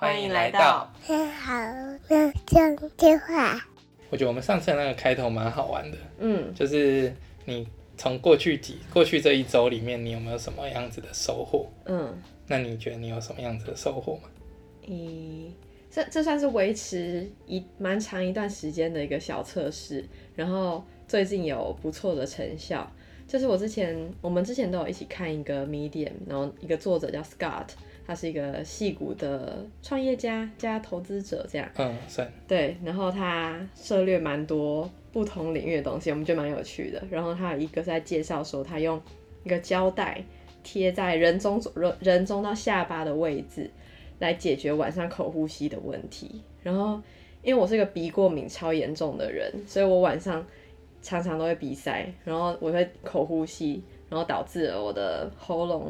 歡迎來到。好，那這樣的話。我覺得我們上次那個開頭蠻好玩的。嗯，就是你從過去幾過去這一周裡面，你有沒有什麼樣子的收穫？嗯，那你覺得你有什麼樣子的收穫嗎？嗯，這這算是維持一蠻長一段時間的一個小測試，然後最近有不錯的成效。就是我之前，我們之前都有一起看一個 Medium，然後一個作者叫 Scott。他是一個矽谷的創業家加投資者，這樣，嗯，算，對，然後他涉獵蠻多不同領域的東西，我們覺得蠻有趣的。然後他有一個是在介紹說，他用一個膠帶貼在人中人中到下巴的位置，來解決晚上口呼吸的問題。然後因為我是一個鼻過敏超嚴重的人，所以我晚上常常都會鼻塞，然後我會口呼吸，然後導致我的喉嚨。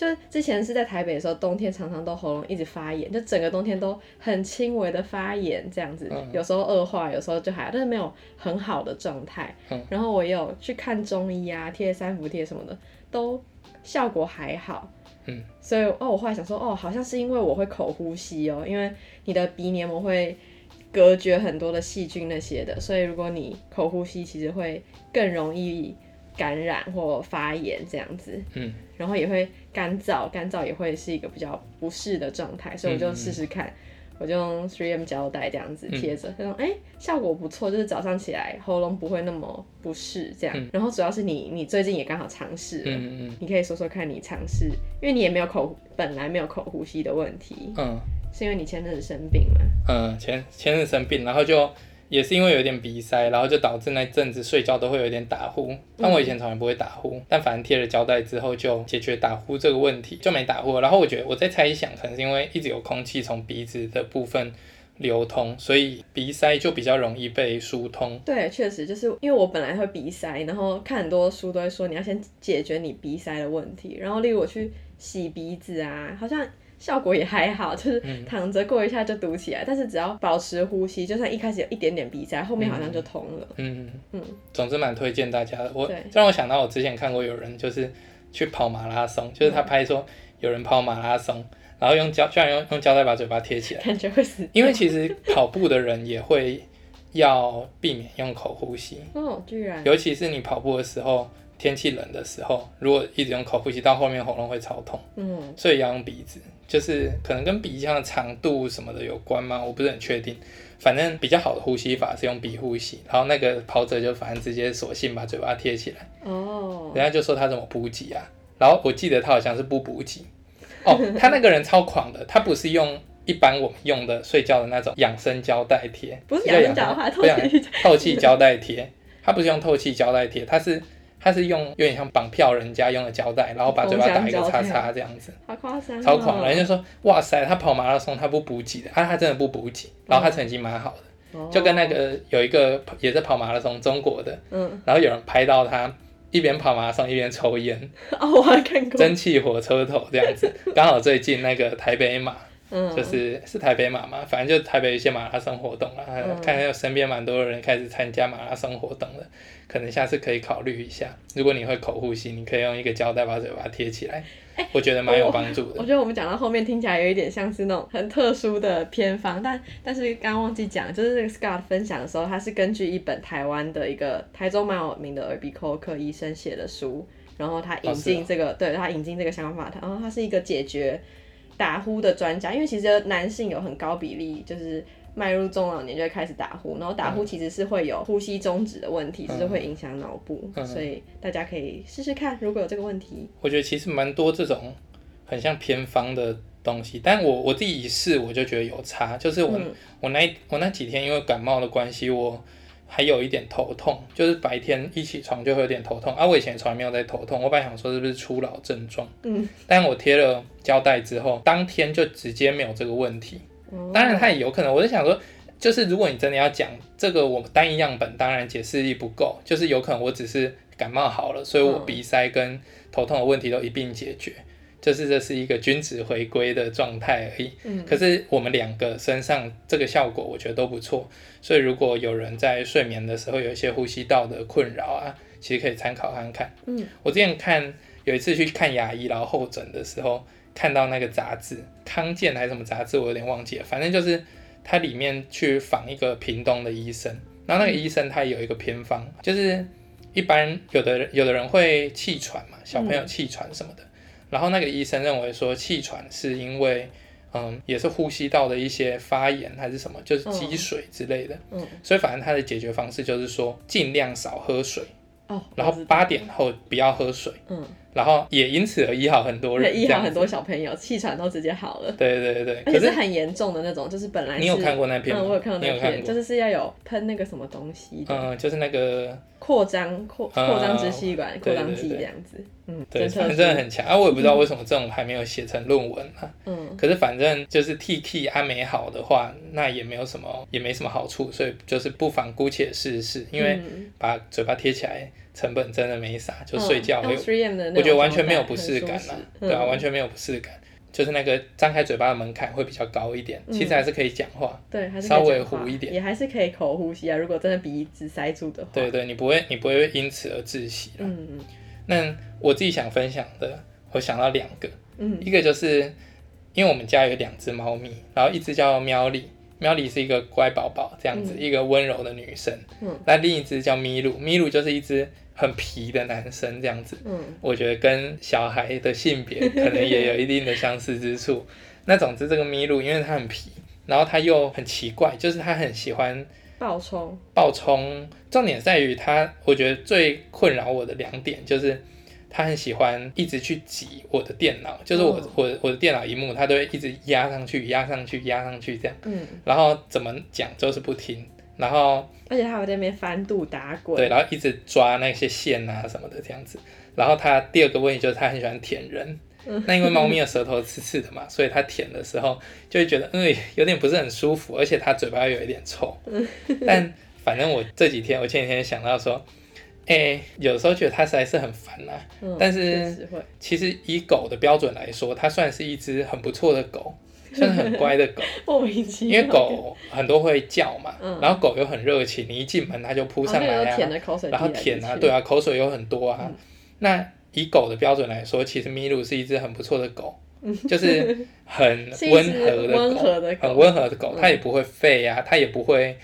就之前是在台北的時候，冬天常常都喉嚨一直發炎，就整個冬天都很輕微的發炎這樣子，啊啊，有時候惡化，有時候就還好，但是沒有很好的狀態，啊。然後我有去看中醫啊，貼三伏貼什麼的，都效果還好。嗯，所以哦，我後來想說，哦，好像是因為我會口呼吸哦，因為你的鼻黏膜會隔絕很多的細菌那些的，所以如果你口呼吸，其實會更容易感染或發炎這樣子。嗯，然後也會。乾燥，乾燥也會是一個比較不適的狀態，所以我就試試看嗯嗯，我就用 3M 膠帶這樣子貼着，他、嗯、說，哎、欸，效果不錯，就是早上起來喉嚨不會那麼不適這樣、嗯，然後主要是你，你最近也剛好嘗試了嗯嗯嗯，你可以說說看你嘗試，因為你也沒有口，本來沒有口呼吸的問題，嗯，是因為你前陣子生病嗎？嗯，前前陣子生病，然後就。也是因為有點鼻塞，然後就導致那陣子睡覺都會有點打呼。但我以前從來不會打呼，嗯、但反正貼了膠帶之後就解決打呼這個問題，就沒打呼了。然後我覺得我在猜想，可能是因為一直有空氣從鼻子的部分流通，所以鼻塞就比較容易被疏通。對，確實就是因為我本來會鼻塞，然後看很多書都會說，你要先解決你鼻塞的問題，然後例如我去洗鼻子啊，好像。效果也還好，就是躺着過一下就堵起來，嗯，但是只要保持呼吸，就算一開始有一點點鼻塞，嗯，後面好像就通了。嗯嗯，總之蠻推薦大家的。我對，這讓我想到，我之前看過有人就是去跑馬拉松，就是他拍說有人跑馬拉松，嗯、然後用膠，居然用用膠帶把嘴巴貼起來，感覺會死。因為其實跑步的人也會要避免用口呼吸。哦，居然。尤其是你跑步的時候，天氣冷的時候，如果一直用口呼吸，到後面喉嚨會超痛。嗯，所以要用鼻子。就是可能跟鼻腔的長度什麼的有關嗎？我不是很確定。反正比較好的呼吸法是用鼻呼吸，然後那個跑者就反正直接索性把嘴巴貼起來。哦、oh。人家就說他怎麼補給啊？然後我記得他好像是不補給。哦，他那個人超狂的，他不是用一般我們用的睡覺的那種養生膠帶貼，不是養生膠帶貼，透氣膠帶貼。他不是用透氣膠帶貼，他是。他是用有點像綁票人家用的膠帶，然後把嘴巴打一個叉叉這樣子，好誇張！超狂！人家說哇塞，他跑馬拉松他不補給的，他他真的不補給。然後他成績蠻好的。嗯，就跟那個有一個也是跑馬拉松中國的，嗯，然後有人拍到他一邊跑馬拉松一邊抽煙哦，我還看過蒸汽火車頭這樣子。剛好最近那個台北馬。嗯，就是是台北馬嘛，反正就台北一些馬拉松活動啦，嗯、看有身邊蠻多人開始參加馬拉松活動了，可能下次可以考慮一下。如果你會口呼吸，你可以用一個膠帶把嘴巴貼起來，欸，我覺得蠻有幫助的我。我覺得我們講到後面聽起來有一點像是那種很特殊的偏方，但但是剛剛忘記講，就是這個 Scott 分享的時候，他是根據一本台灣的一個，台中蠻有名的耳鼻喉科醫生寫的書，然後他引進這個、哦哦，對，他引進這個想法，然後他是一個解決打呼的專家，因為其實男性有很高比例，就是邁入中老年就開始打呼，然後打呼其實是會有呼吸中止的問題，嗯，就是會影響腦部，嗯，所以大家可以試試看，如果有這個問題，我覺得其實蠻多這種很像偏方的東西，但我我自己一試，我就覺得有差，就是我、嗯、我那我那幾天因為感冒的關係，我。還有一點頭痛，就是白天一起床就會有點頭痛。啊，我以前從來沒有在頭痛，我本來想說是不是初老症狀，嗯，但我貼了膠帶之後，當天就直接沒有這個問題。當然，它也有可能，我就想說，就是如果你真的要講這個，我單一樣本當然解釋力不夠，就是有可能我只是感冒好了，所以我鼻塞跟頭痛的問題都一併解決。就是這是一個均值回歸的狀態而已。嗯，可是我們兩個身上這個效果，我覺得都不錯。所以如果有人在睡眠的時候有一些呼吸道的困擾啊，其實可以參考看看。嗯，我之前看有一次去看牙醫，然後候診的時候看到那個雜誌，康健還是什麼雜誌，我有點忘記了。反正就是它裡面去訪一個屏東的醫生，然後那個醫生他有一個偏方，就是一般有的有的人會氣喘嘛，小朋友氣喘什麼的。嗯然後那個醫生認為說氣喘是因為，嗯，也是呼吸道的一些發炎還是什麼，就是積水之類的。嗯嗯，所以反正他的解決方式就是說盡量少喝水。哦，然後八點後不要喝水。嗯。然後也因此而醫好很多人，醫好很多小朋友氣喘都直接好了。對對對，可是，是很嚴重的那種，就是本來是你有看過那篇嗎、啊，我有看過那篇，就是是要有噴那個什麼東西，嗯，就是那個擴張擴、嗯、擴張支氣管對對對對，擴張劑這樣子，嗯，對，真的很強。啊、我也不知道為什麼這種還沒有寫成論文嗯， 可是反正就是 tt 還沒好的話，那也沒有什麼，也沒什麼好處，所以就是不妨姑且試試，因為把嘴巴貼起來。成本真的沒啥，就睡覺。嗯、我覺得完全沒有不適感了，啊嗯，對、啊、完全沒有不適感，嗯，就是那個張開嘴巴的門檻會比較高一點，嗯，其實還是可以講話，對，還是可以講話，稍微糊一點，也還是可以口呼吸啊。如果真的鼻子塞住的話，對對，對，你不會你不會因此而窒息。嗯嗯，那我自己想分享的，我想到兩個，嗯，一個就是因為我們家有兩隻貓咪，然後一隻叫喵力。喵里是一個乖寶寶，這樣子，嗯、一個溫柔的女生。嗯、那另一隻叫咪嚕，咪嚕就是一隻很皮的男生，這樣子、嗯。我覺得跟小孩的性別可能也有一定的相似之處。 那總之，這個咪嚕，因為它很皮，然後它又很奇怪，就是它很喜歡暴衝。暴衝，重點在於它，我覺得最困擾我的兩點就是。他很喜歡一直去擠我的電腦，就是我、哦、我我的電腦螢幕，他都會一直壓上去，壓上去，壓上去這樣。嗯。然後怎麼講就是不聽，然後。而且他會在那邊翻肚打滾。對，然後一直抓那些線啊什麼的這樣子。然後他第二個問題就是他很喜歡舔人。嗯、那因為貓咪的舌頭刺刺的嘛，嗯、所以他舔的時候就會覺得嗯，有點不是很舒服，而且他嘴巴有一點臭，嗯。但反正我這幾天，我前幾天想到說。哎、欸，有時候覺得它實在是很煩吶、啊嗯，但是其實，其實以狗的標準來說，它算是一隻很不錯的狗，算是很乖的狗。 因為狗很多會叫嘛，嗯、然後狗又很熱情，你一進門它就撲上來啊，啊然來，然後舔啊，對啊，口水有很多啊。嗯、那以狗的標準來說，其實咪路是一隻很不錯的狗， 就是很溫和，和的狗，很溫和的狗，它、嗯、也不會吠呀、啊，它也不會。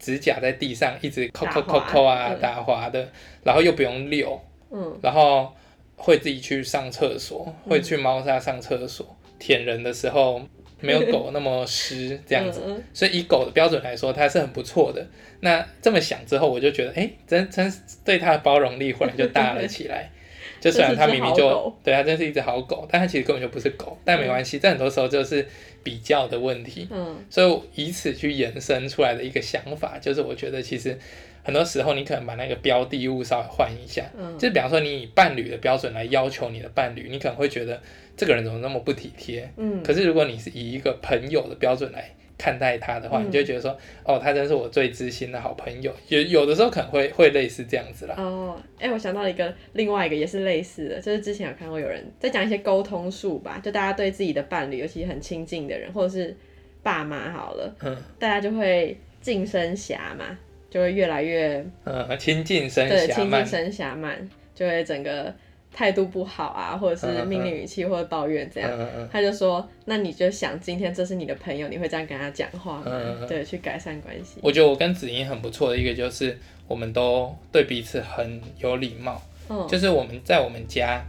指甲在地上一直摳摳摳摳啊，打滑，打滑的，嗯，然後又不用溜，嗯，然後會自己去上廁所，嗯、會去貓砂上，上廁所，舔人的時候沒有狗那麼濕，嗯、這樣子、嗯，所以以狗的標準來說，它是很不錯的。那這麼想之後，我就覺得，誒，真真對它的包容力忽然就大了起來。嗯、就雖然它明明就，對，它真是一只好狗，但它其實根本就不是狗，但沒關係。在、嗯、很多時候就是。比較的問題，嗯，所以以此去延伸出來的一個想法，就是我覺得其實很多時候你可能把那個標的物稍微換一下，嗯，就是比方說你以伴侶的標準來要求你的伴侶，你可能會覺得這個人怎麼那麼不體貼，嗯，可是如果你是以一個朋友的標準來。看待他的話，你就會覺得說、嗯，哦，他真的是我最知心的好朋友。有有的時候可能會會類似這樣子啦。哦，哎、欸，我想到了一個另外一個也是類似的，就是之前有看過有人在講一些溝通術吧，就大家對自己的伴侶，尤其很親近的人，或者是爸媽好了、嗯，大家就會近生狎慢，就會越來越嗯親近生對親近生狎慢，就會整個。態度不好啊，或者是命令語氣、嗯嗯，或者抱怨這樣、嗯嗯嗯，他就說：“那你就想，今天這是你的朋友，你會這樣跟他講話嗎、嗯嗯、對，去改善關係。我覺得我跟子瑩很不錯的，一個就是我們都對彼此很有禮貌、嗯。就是我們在我們家，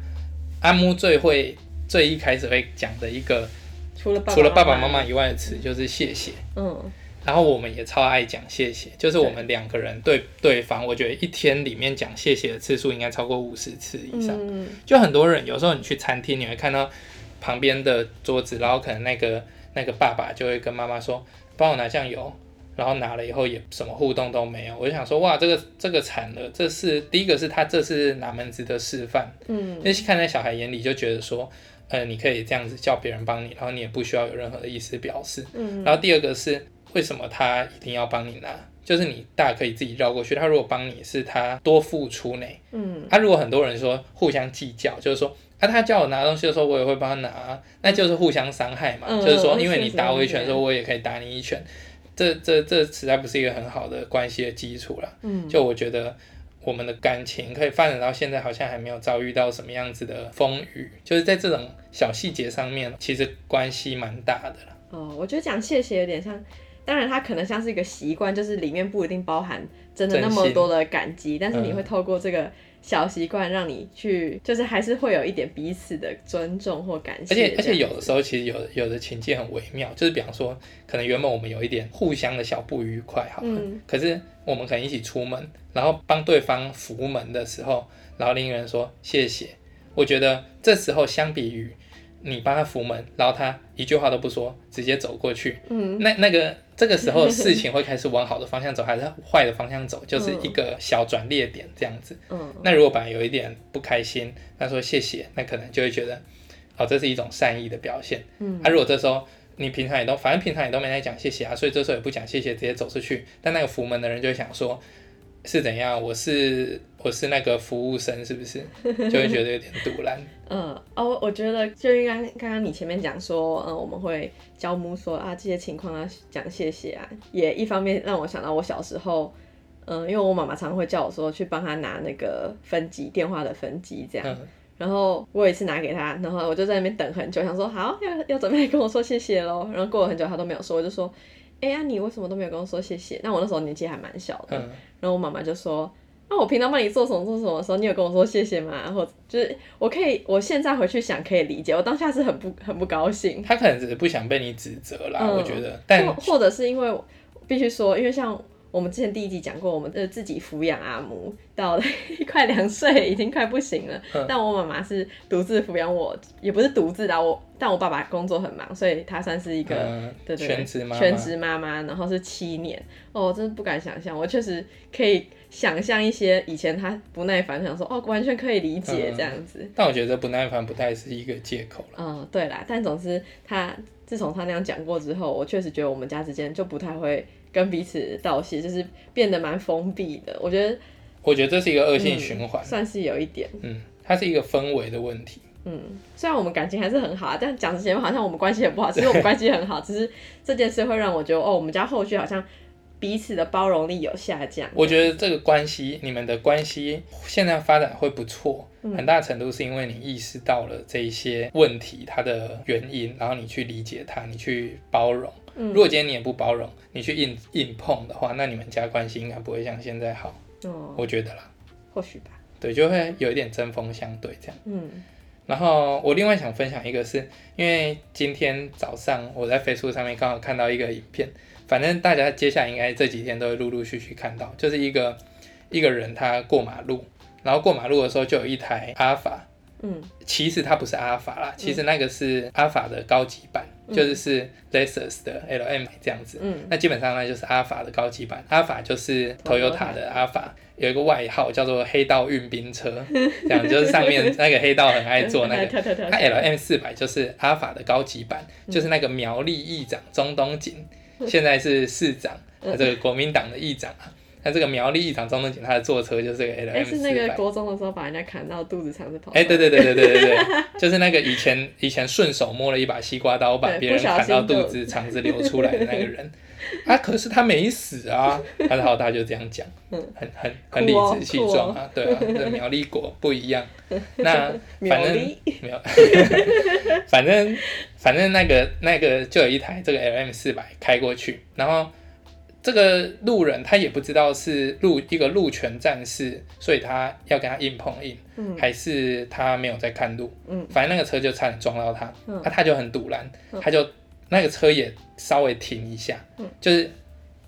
阿木最會、最一開始會講的一個，除了爸爸媽媽以外的詞就是謝謝。嗯。然後我們也超愛講謝謝，就是我們兩個人對對方，我覺得一天裡面講謝謝的次數應該超過五十次以上。嗯，就很多人有時候你去餐廳，你會看到旁邊的桌子，然後可能那個那個爸爸就會跟媽媽說：“幫我拿醬油。”然後拿了以後也什麼互動都沒有。我就想說，哇，這個這個慘了。這是第一個，是他這是哪門子的示範？嗯，因為看在小孩眼裡就覺得說，呃，你可以這樣子叫別人幫你，然後你也不需要有任何的意思表示。嗯，然後第二個是。為什麼他一定要幫你拿？就是你大可以自己繞過去。他如果幫你是他多付出呢？嗯，他、啊、如果很多人說互相計較，就是說啊，他叫我拿東西的時候我也會幫他拿、嗯，那就是互相傷害嘛。嗯、就是說，因為你打我一拳的時候我也可以打你一拳，嗯、這這這實在不是一個很好的關係的基礎了。嗯，就我覺得我們的感情可以發展到現在，好像還沒有遭遇到什麼樣子的風雨，就是在這種小細節上面，其實關係蠻大的嗯、哦，我覺得講謝謝有點像。當然，它可能像是一個習慣，就是裡面不一定包含真的那麼多的感激，但是你會透過這個小習慣，讓你去、嗯，就是還是會有一點彼此的尊重或感謝。而且，而且有的時候其實有有的情節很微妙，就是比方說，可能原本我們有一點互相的小不愉快好了，好、嗯，可是我們可能一起出門，然後幫對方扶門的時候，然後另一個人說謝謝，我覺得這時候相比於你幫他扶門，然後他一句話都不說，直接走過去，嗯，那那個。 這個時候事情會開始往好的方向走，還是壞的方向走，就是一個小轉折點這樣子，嗯。嗯，那如果本來有一點不開心，他說謝謝，那可能就會覺得，好、哦，這是一種善意的表現。嗯，他、啊、如果這時候你平常也都，反正平常也都沒在講謝謝啊，所以這時候也不講謝謝，直接走出去，但那個扶門的人就會想說。是怎樣？我是我是那個服務生，是不是就會覺得有點賭爛 嗯哦，我覺得就應該剛剛你前面講說，嗯，我們會教母說啊這些情況啊，講謝謝啊，也一方面讓我想到我小時候，嗯，因為我媽媽常常會叫我說去幫她拿那個分機電話的分機這樣、嗯，然後我有一次拿給她，然後我就在那邊等很久，想說好要要準備跟我說謝謝嘍，然後過了很久她都沒有說，我就說哎呀、欸啊、你為什麼都沒有跟我說謝謝？那我那時候年紀還蠻小的。嗯然後我媽媽就說：“那、啊、我平常幫你做什麼做什麼的時候，你有跟我說謝謝嗎？”然後就是我可以，我現在回去想可以理解，我當下是很不很不高興。他可能只是不想被你指責啦、嗯，我覺得，但或者是因為必須說，因為像。我們之前第一集講過，我們的自己撫養阿母到了快兩歲，已經快不行了、嗯。但我媽媽是獨自撫養我，也不是獨自的我，但我爸爸工作很忙，所以她算是一個、嗯、對對全職媽媽,全職媽媽。然後是七年哦，我真的不敢想象。我確實可以想象一些以前她不耐煩，想說哦，完全可以理解、嗯、這樣子。但我覺得不耐煩不太是一個借口了。嗯，對啦。但總之，她自從她那樣講過之後，我確實覺得我們家之間就不太會。跟彼此道謝，就是變得蠻封閉的。我覺得，我覺得這是一個惡性循環，嗯，算是有一點。嗯，它是一個氛圍的問題。嗯，雖然我們感情還是很好，但講之前好像我們關係很不好，其實我們關係很好。只是這件事會讓我覺得，哦，我們家後續好像彼此的包容力有下降。我覺得這個關係，你們的關係現在發展會不錯，很大程度是因為你意識到了這一些問題它的原因，然後你去理解它，你去包容。嗯，如果今天你也不包容，你去硬硬碰的話，那你們家關係應該不會像現在好。哦，我覺得啦，或許吧。對，就會有一點針鋒相對這樣。嗯，然後我另外想分享一個是，是因為今天早上我在 Facebook 上面剛好看到一個影片，反正大家接下來應該這幾天都會陸陸續續看到，就是一個一個人他過馬路，然後過馬路的時候就有一台阿法，嗯，其實它不是阿法啦，其實那個是阿法的高級版。嗯嗯嗯、就是是 Lexus 的 LM 這樣子，嗯、那基本上呢就是阿法的高級版，阿法就是 Toyota 的阿法，有一個外號叫做黑道運兵車， 這樣就是上面那個黑道很愛坐那個，它 LM 四百，就是阿法的高級版，就是那個苗栗議長鍾東錦，現在是市長，他這個國民黨的議長、啊那這個苗栗議長鍾東錦，他的座車就是這個 L M 四百哎，是那個國中的時候把人家砍到肚子跑、腸子頭。哎，對對對對對對對， 就是那個以前以前順手摸了一把西瓜刀，把別人砍到肚子、腸子流出來的那個人。啊，可是他沒死啊，還、 啊、好他就這樣講，很很、哦、很理直氣壯啊、哦，對啊，這個、苗栗果不一樣。 那反正苗 反正反正那個那個就有一台這個 L M 四百開過去，然後。這個路人他也不知道是路一個路權戰士，所以他要跟他硬碰硬，還是他沒有在看路，反正那個車就差點撞到他，那、啊、他就很賭爛，他就那個車也稍微停一下，就是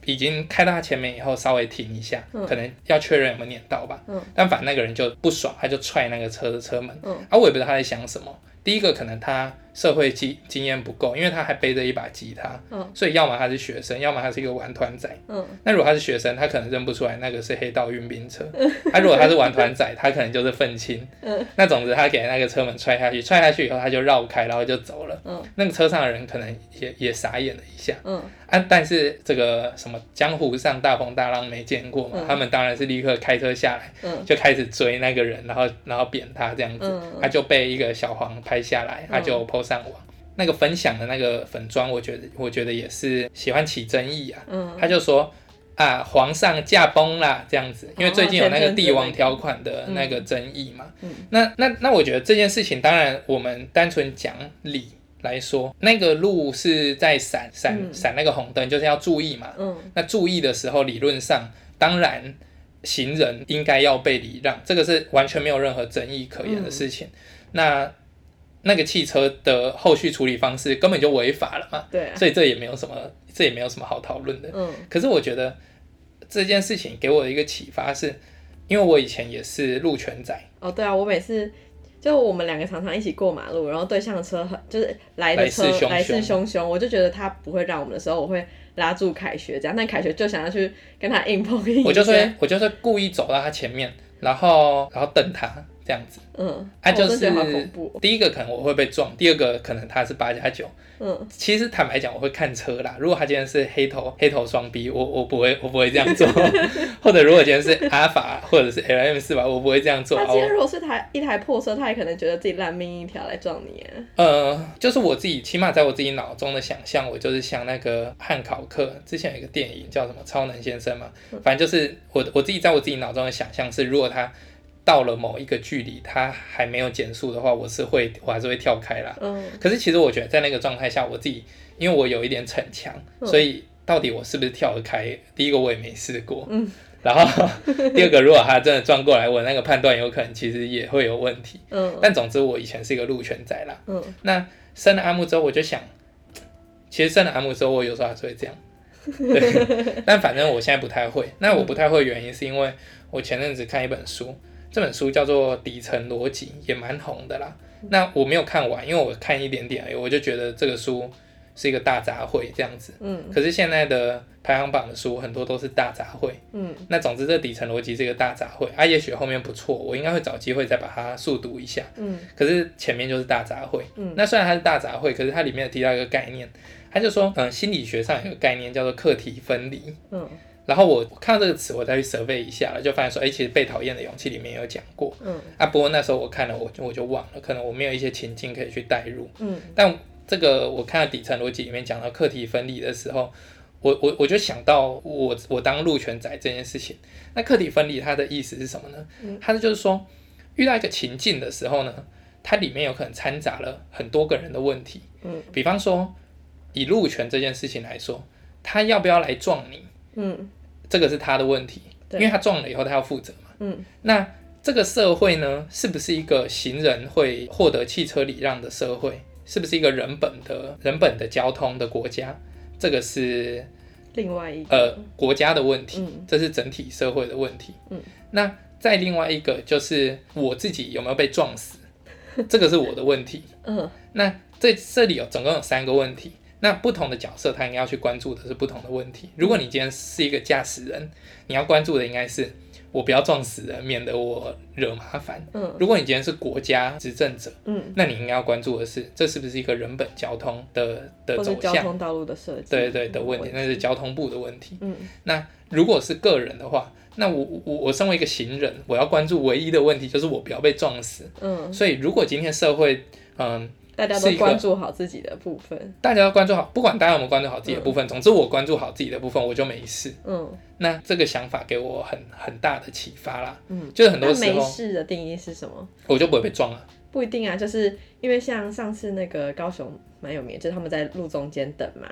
已經開到他前面以後稍微停一下，可能要確認有沒有碾到吧，但反正那個人就不爽，他就踹那個車的車門，啊，我也不知道他在想什麼，第一個可能他。社會經經驗不夠，因為他還背着一把吉他，oh. 所以要麼他是學生，要麼他是一個玩團仔，oh. 那如果他是學生，他可能認不出來那個是黑道運兵車，他、 啊、如果他是玩團仔，他可能就是憤青，oh. 那總之他給那個車門踹下去，踹下去以後他就繞開，然後就走了，oh. 那個車上的人可能也也傻眼了一下，oh. 啊，但是這個什麼江湖上大風大浪沒見過嘛，oh. 他們當然是立刻開車下來，oh. 就開始追那個人，然後然後扁他這樣子，oh. 他就被一個小黃拍下來，他就 po 上網那個分享的那個粉專，我覺得我覺得也是喜歡起爭議啊。嗯、他就說啊，皇上駕崩了這樣子，因為最近有那個帝王條款的那個爭議嘛。嗯嗯、那那那我覺得這件事情，當然我們單純講理來說，那個路是在閃閃閃那個紅燈，就是要注意嘛。那注意的時候，理論上當然行人應該要被禮讓，這個是完全沒有任何爭議可言的事情。嗯、那。那個汽車的後續處理方式根本就違法了嘛。對啊，所以這也沒有什麼，這也沒有什麼好討論的。嗯，可是我覺得這件事情給我一個啟發是，因為我以前也是路權仔。哦，對啊，我每次就我們兩個常常一起過馬路，然後對向車就是來的車來勢洶洶，洶，洶，我就覺得他不會讓我們的時候，我會拉住凱學這樣，但凱學就想要去跟他硬碰硬，我就說我就說故意走到他前面，然後然後等他。這樣子，嗯，他、啊、就是、哦、第一個可能我會被撞，第二個可能他是八加九，嗯，其實坦白講，我會看車啦。如果他今天是黑頭黑頭雙 B，我我不會我不會這樣做。 或者如果今天是阿爾法或者是 L M 四吧，我不會這樣做。今天如果是台、哦、一台破車，他也可能覺得自己爛命一條來撞你啊。呃、嗯，就是我自己，起碼在我自己腦中的想象，我就是像那個漢考克之前有一個電影叫什麼《超能先生》嘛，反正就是我我自己在我自己腦中的想象是，如果他。到了某一個距離，它還沒有減速的話，我是會我還是會跳開啦。Oh. 可是其實我覺得在那個狀態下，我自己因為我有一點逞強，oh. 所以到底我是不是跳得開，第一個我也沒試過。嗯。然後第二個，如果他真的轉過來，我那個判斷有可能其實也會有問題。Oh. 但總之我以前是一個路權仔啦。Oh. 那生了阿木之後，我就想，其實生了阿木之後，我有時候還是會這樣。對， 但反正我現在不太會。那我不太會的原因是因為我前陣子看一本書。這本書叫做《底層邏輯》，也蠻紅的啦。那我沒有看完，因為我看一點點而已，我就覺得這個書是一個大雜燴這樣子。嗯。可是現在的排行榜的書很多都是大雜燴。嗯。那總之，這《底層邏輯》是一個大雜燴。啊，也許後面不錯，我應該會找機會再把它速讀一下。嗯。可是前面就是大雜燴。嗯。那雖然它是大雜燴，可是它裡面有提到一個概念，他就說，嗯，心理學上有一個概念叫做“課題分離”。嗯。然後我看到這個詞，我再去 survey 一下了，就發現說，哎，其實被討厭的勇氣裡面有講過，嗯，啊，不過那時候我看了，我就我就忘了，可能我沒有一些情境可以去代入，嗯，但這個我看到底層邏輯裡面講到課題分離的時候，我我我就想到我我當路權仔這件事情，那課題分離它的意思是什麼呢？它就是說，遇到一個情境的時候呢，它裡面有可能摻雜了很多個人的問題，嗯，比方說以路權這件事情來說，他要不要來撞你？嗯，這個是他的問題，因為他撞了以後他要負責嘛。嗯，那這個社會呢，是不是一個行人會獲得汽車禮讓的社會？是不是一個人本的人本的交通的國家？這個是另外一個呃國家的問題，嗯，這是整體社會的問題。嗯，那再另外一個就是我自己有沒有被撞死，嗯，這個是我的問題。嗯，那這這裡有、哦、總共有三個問題。那不同的角色，他應該要去關注的是不同的問題。如果你今天是一個駕駛人，你要關注的應該是我不要撞死人，免得我惹麻煩。嗯。如果你今天是國家執政者，嗯，那你應該要關注的是，這是不是一個人本交通的的走向？或者交通道路的設計。對對對的問題，那個問題，那是交通部的問題。嗯。那如果是個人的話，那我我我身為一個行人，我要關注唯一的問題就是我不要被撞死。嗯。所以，如果今天社會，嗯。大家都關注好自己的部分。大家都關注好，不管大家有沒有關注好自己的部分，嗯，總之我關注好自己的部分，我就沒事。嗯，那這個想法給我很很大的啟發啦。嗯，就是很多時候沒事的定義是什麼？我就不會被撞了。不一定啊，就是因為像上次那個高雄蠻有名，就是他們在路中間等嘛，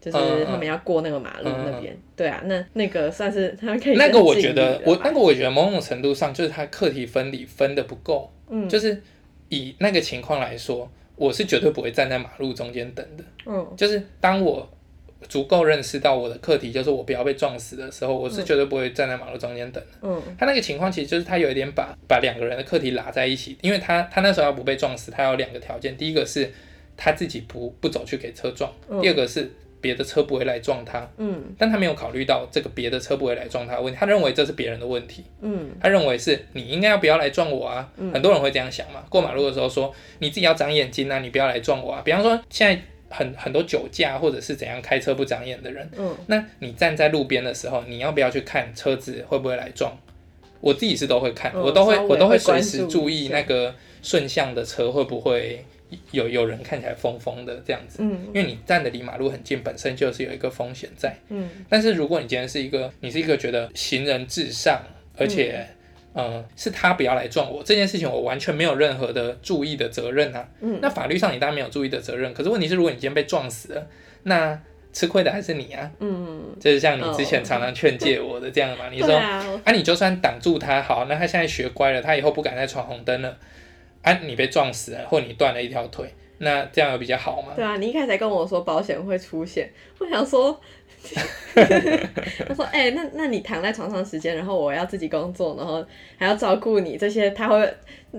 就是他們要過那個馬路那邊，嗯嗯嗯嗯嗯嗯。對啊，那那個算是他們可以那個我覺得我那個我覺得某種程度上就是他課題分離分得不夠。嗯，就是以那個情況來說。我是絕對不會站在馬路中間等的。嗯、oh.，就是當我足夠認識到我的課題，就是我不要被撞死的時候，我是絕對不會站在馬路中間等的。嗯、oh.，他那個情況其實就是他有一點把把兩個人的課題拉在一起，因為他他那時候要不被撞死，他有兩個條件，第一個是他自己不不走去給車撞，oh. 第二個是。別的車不會來撞他，嗯，但他沒有考慮到這個別的車不會來撞他的問題，他認為這是別人的問題，嗯，他認為是你應該要不要來撞我啊、嗯？很多人會這樣想嘛。過馬路的時候說、嗯、你自己要長眼睛啊，你不要來撞我啊。比方說現在很很多酒駕或者是怎樣開車不長眼的人，嗯，那你站在路邊的時候，你要不要去看車子會不會來撞？我自己是都會看，嗯、我都會、會我都會隨時注意那個順向的車會不會。有有人看起來瘋瘋的這樣子，嗯，因為你站得離馬路很近，本身就是有一個風險在，嗯。但是如果你今天是一個，你是一個覺得行人至上，而且，呃、嗯嗯，是他不要來撞我這件事情，我完全沒有任何的注意的責任啊，嗯。那法律上你當然沒有注意的責任，可是問題是如果你今天被撞死了，那吃虧的還是你啊，嗯。就是像你之前常常勸誡我的這樣嘛，嗯、你說，嗯、啊，你就算擋住他好，那他現在學乖了，他以後不敢再闖紅燈了。哎、啊，你被撞死了，或你斷了一條腿，那這樣有比較好嗎？對啊，你一開始還跟我說保險會出現，我想說， 他說，哎、欸，那那你躺在床上時間，然後我要自己工作，然後還要照顧你這些，他會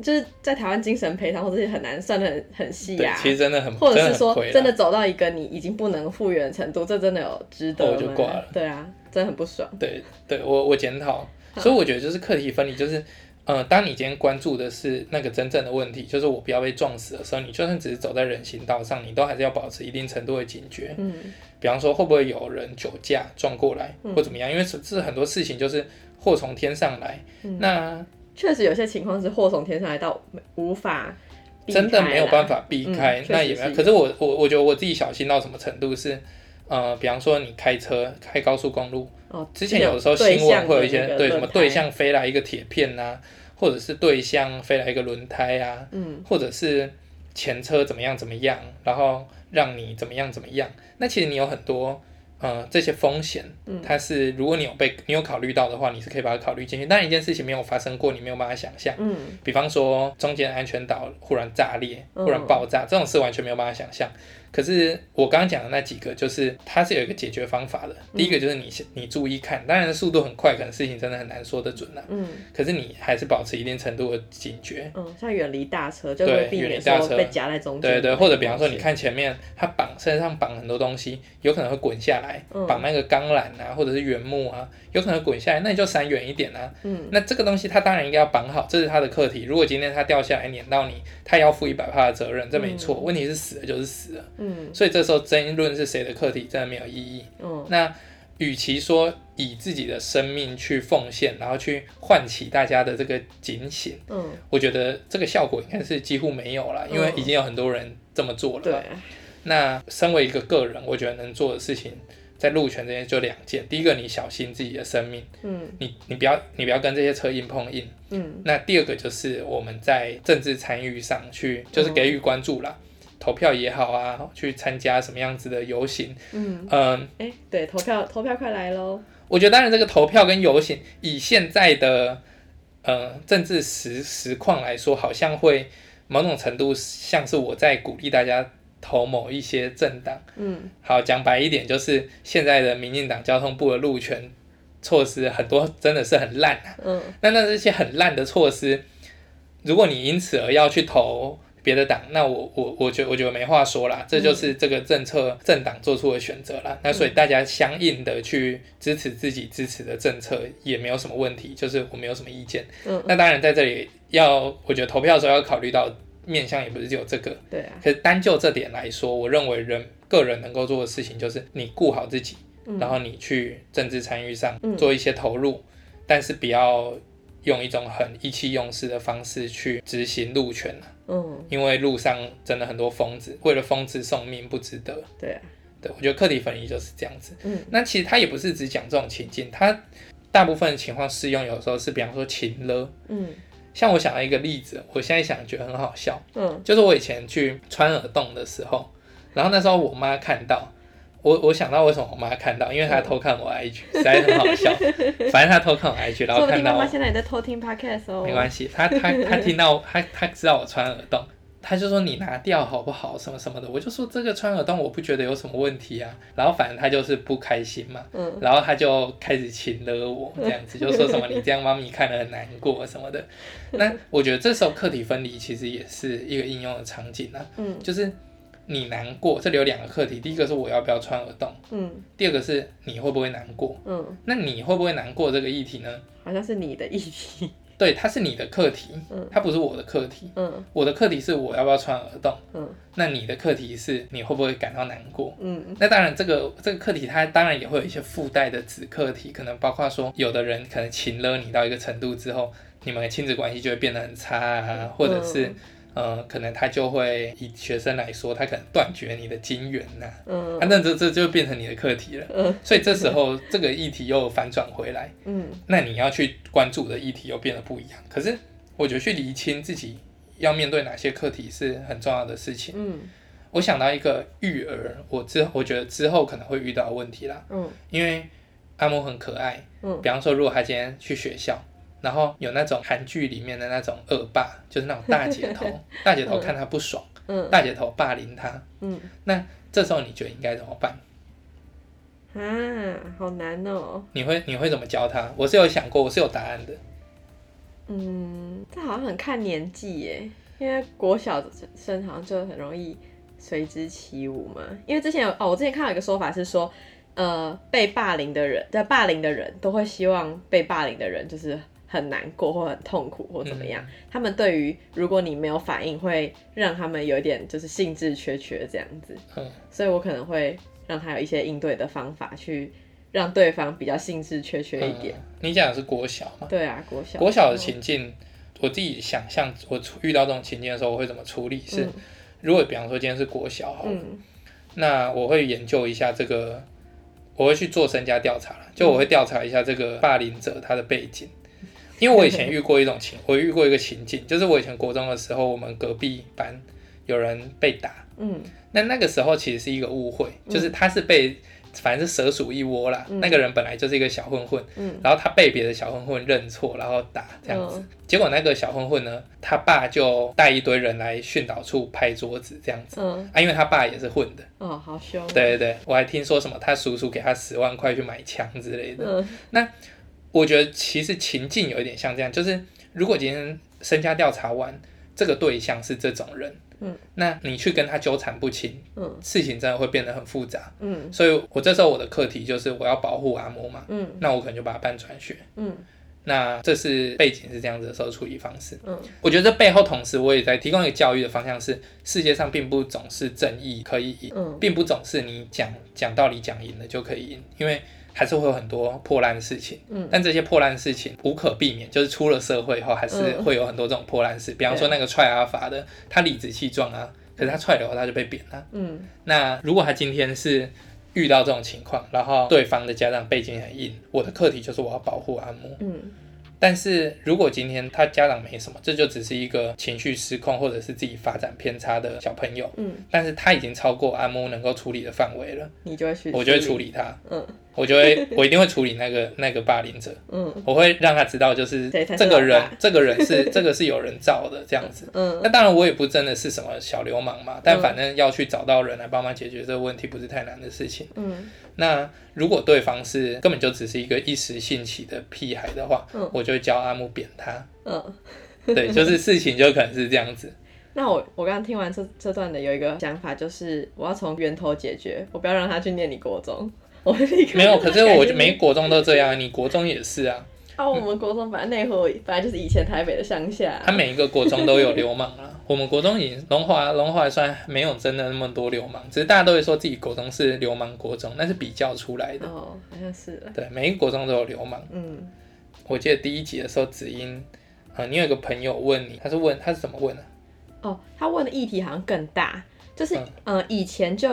就是在台灣精神賠償，或者是很難算的很細啊。其實真的很，或者是說真的，真的走到一個你已經不能復原的程度，這真的有值得嗎？我就掛了。對啊，真的很不爽。對對，我我檢討， 所以我覺得就是課題分離就是。呃，當你今天關注的是那個真正的問題，就是我不要被撞死的時候，你就算只是走在人行道上，你都還是要保持一定程度的警覺。嗯、比方說會不會有人酒駕撞過來、嗯、或怎麼樣？因為是很多事情就是禍從天上來。嗯、那確實有些情況是禍從天上來到無，無法避開，真的沒有辦法避開。嗯、那也沒有。確實是有，可是我我我覺得我自己小心到什麼程度是，呃，比方說你開車開高速公路。之前有的時候新聞會有一些對什麼對向飛來一個鐵片啊，或者是對向飛來一個輪胎啊，或者是前車怎麼樣怎麼樣，然後讓你怎麼樣怎麼樣。那其實你有很多呃這些風險，它是如果你有被你有考慮到的話，你是可以把它考慮進去。但一件事情沒有發生過，你沒有辦法想象，比方說中間安全島忽然炸裂，忽然爆炸，這種事完全沒有辦法想象。可是我剛剛講的那幾個，就是它是有一個解決方法的。第一個就是你、嗯、你注意看，當然速度很快，可能事情真的很難說得準呢、啊。嗯。可是你還是保持一定程度的警覺。嗯，像遠離大車，就會避免被夾在中間對。對對、那個，或者比方說你看前面，它綁身上綁很多東西，有可能會滾下來、嗯，綁那個鋼纜啊，或者是原木啊，有可能滾下來，那你就閃遠一點啊。嗯。那這個東西它當然應該要綁好，這是它的課題。如果今天它掉下來碾到你，它要負一百趴的責任，這沒錯、嗯。問題是死了就是死了。嗯、所以這時候爭論是誰的課題真的沒有意義。嗯、那與其說以自己的生命去奉獻，然後去喚起大家的這個警醒，嗯、我覺得這個效果應該是幾乎沒有了、嗯，因為已經有很多人這麼做了、欸嗯。那身為一個個人，我覺得能做的事情，在路權這邊就兩件：第一個，你小心自己的生命，嗯，你你不要你不要跟這些車硬碰硬，嗯。那第二個就是我們在政治參與上去，就是給予關注啦。嗯嗯投票也好啊，去參加什麼樣子的遊行，嗯，嗯，哎、欸，對，投票，投票快來嘍！我覺得當然，這個投票跟遊行，以現在的呃政治實實況來說，好像會某種程度像是我在鼓勵大家投某一些政黨。嗯，好，講白一點，就是現在的民進黨交通部的路權措施很多真的是很爛啊。嗯，那那這些很爛的措施，如果你因此而要去投。別的黨，那我我我覺得我覺得沒話說啦，這就是這個政策政黨做出的選擇啦、嗯。那所以大家相應的去支持自己支持的政策也沒有什麼問題，就是我沒有什麼意見。嗯嗯那當然在這裡要，我覺得投票的時候要考慮到面向也不是只有這個。對、啊。可是單就這點來說，我認為人個人能夠做的事情就是你顧好自己、嗯，然後你去政治參與上做一些投入，嗯、但是不要。用一種很意氣用事的方式去執行路權、嗯、因為路上真的很多瘋子，為了瘋子送命不值得。對、啊，對，我覺得課題分離就是這樣子。嗯、那其實他也不是只講這種情境，他大部分的情況適用，有時候是比方說情了，嗯，像我想到一個例子，我現在想覺得很好笑，嗯，就是我以前去穿耳洞的時候，然後那時候我媽看到。我我想到為什麼我媽看到？因為她偷看我 IG，oh. 實在很好笑。 反正她偷看我 IG，然後看到。我媽現在偷聽 Podcast 沒關係，她她她聽到，她她知道我穿耳洞，她就說，你拿掉好不好什麼什麼的。我就說，這個穿耳洞我不覺得有什麼問題啊。然後反正她就是不開心嘛，然後她就開始親了我。我這樣子，就說什麼你這樣，媽咪看得很難過什麼的。那我覺得這時候課題分離其實也是一個應用的場景啊， 就是。你難過，這裡有兩個課題，第一個是我要不要穿耳洞，嗯，第二個是你會不會難過，嗯，那你會不會難過這個議題呢？好像是你的議題，對，它是你的課題，嗯，它不是我的課題，嗯，我的課題是我要不要穿耳洞，嗯，那你的課題是你會不會感到難過，嗯，那當然這個這個課題它當然也會有一些附帶的子課題，可能包括說有的人可能情勒你到一個程度之後，你們的親子關係就會變得很差啊，嗯，或者是。呃，可能他就會以學生來說，他可能斷絕你的金援吶。嗯，反、啊、正這這就變成你的課題了。嗯，所以這時候這個議題又反轉回來。嗯，那你要去關注的議題又變得不一樣。可是我覺得去釐清自己要面對哪些課題是很重要的事情。嗯，我想到一個育兒，我之後我覺得之後可能會遇到的問題啦。嗯，因為阿木很可愛。嗯，比方說，如果他今天去學校。然後有那種韓劇裡面的那種惡霸，就是那種大姐頭， 大姐頭看他不爽，嗯，大姐頭霸凌他，嗯，那這時候你覺得應該怎麼辦？啊，好難哦！你會你會怎麼教他？我是有想過，我是有答案的。嗯，這好像很看年紀耶，因為國小生好像就很容易隨之起舞嘛。因為之前有哦，我之前看到一個說法是說，呃，被霸凌的人，在霸凌的人都會希望被霸凌的人就是。很難過或很痛苦或怎麼樣，嗯、他們對於如果你沒有反應，會讓他們有點就是興致缺缺這樣子，嗯。所以我可能會讓他有一些應對的方法，去讓對方比較興致缺缺一點。嗯、你講的是國小嗎？對啊，國小。國小的情境，我自己想象，我遇到這種情境的時候，我會怎麼處理是？是、嗯、如果比方說今天是國小，嗯，那我會研究一下這個，我會去做身家調查，就我會調查一下這個霸凌者他的背景。因為我以前遇過一種情，我遇過一個情境，就是我以前國中的時候，我們隔壁班有人被打，嗯，那那個時候其實是一個誤會，就是他是被，嗯、反正是蛇鼠一窩啦、嗯，那個人本來就是一個小混混，嗯，然後他被別的小混混認錯，然後打這樣子、嗯，結果那個小混混呢，他爸就帶一堆人來訓導處拍桌子這樣子，嗯，啊，因為他爸也是混的，哦，好凶，對對對，我還聽說什麼他叔叔給他十萬塊去買槍之類的，嗯，那。我覺得其實情境有一點像這樣，就是如果今天身家調查完，這個對象是這種人，嗯、那你去跟他糾纏不清、嗯，事情真的會變得很複雜、嗯，所以我這時候我的課題就是我要保護阿嬤嘛，嗯、那我可能就把他辦轉學、嗯，那這是背景是這樣子的時候處理方式、嗯，我覺得這背後同時我也在提供一個教育的方向是，世界上並不總是正義可以贏，嗯，並不總是你講講道理講贏了就可以贏，因為。還是會有很多破爛的事情，嗯，但這些破爛事情無可避免，就是出了社會以後還是會有很多這種破爛事，嗯。比方說那個踹阿法的，他理直氣壯啊，可是他踹了的話他就被扁了啊，嗯。那如果他今天是遇到這種情況，然後對方的家長背景很硬，我的課題就是我要保護阿摩，嗯。但是如果今天他家長沒什麼，這就只是一個情緒失控或者是自己發展偏差的小朋友，嗯。但是他已經超過阿摩能夠處理的範圍了，你就會去，我就會處理他，嗯。我就會，我一定會處理那個那個霸凌者。嗯，我會讓他知道，就是,是這個人，這個人是 這個是有人罩的這樣子嗯。嗯，那當然我也不真的是什麼小流氓嘛，嗯、但反正要去找到人來幫忙解決這個問題，不是太難的事情。嗯，那如果對方是根本就只是一個一時興起的屁孩的話，嗯、我就會教阿木扁他。嗯，對，就是事情就可能是這樣子。 那我我剛剛聽完這這段的有一個想法，就是我要從源頭解決，我不要讓他去念你國中。 沒有，可是我每國中都這樣，你國中也是啊。啊、哦嗯哦，我們國中本來那會，本來就是以前台北的鄉下、啊。他每一個國中都有流氓啊， 我們國中已經，龍華龍華也算沒有真的那麼多流氓，只是大家都會說自己國中是流氓國中，那是比較出來的。哦，好像是。對，每一個國中都有流氓。嗯，我記得第一集的時候，子英，啊、呃，你有一個朋友問你，他是問他是怎麼問的、啊？哦，他問的議題好像更大，就是嗯、呃、以前就。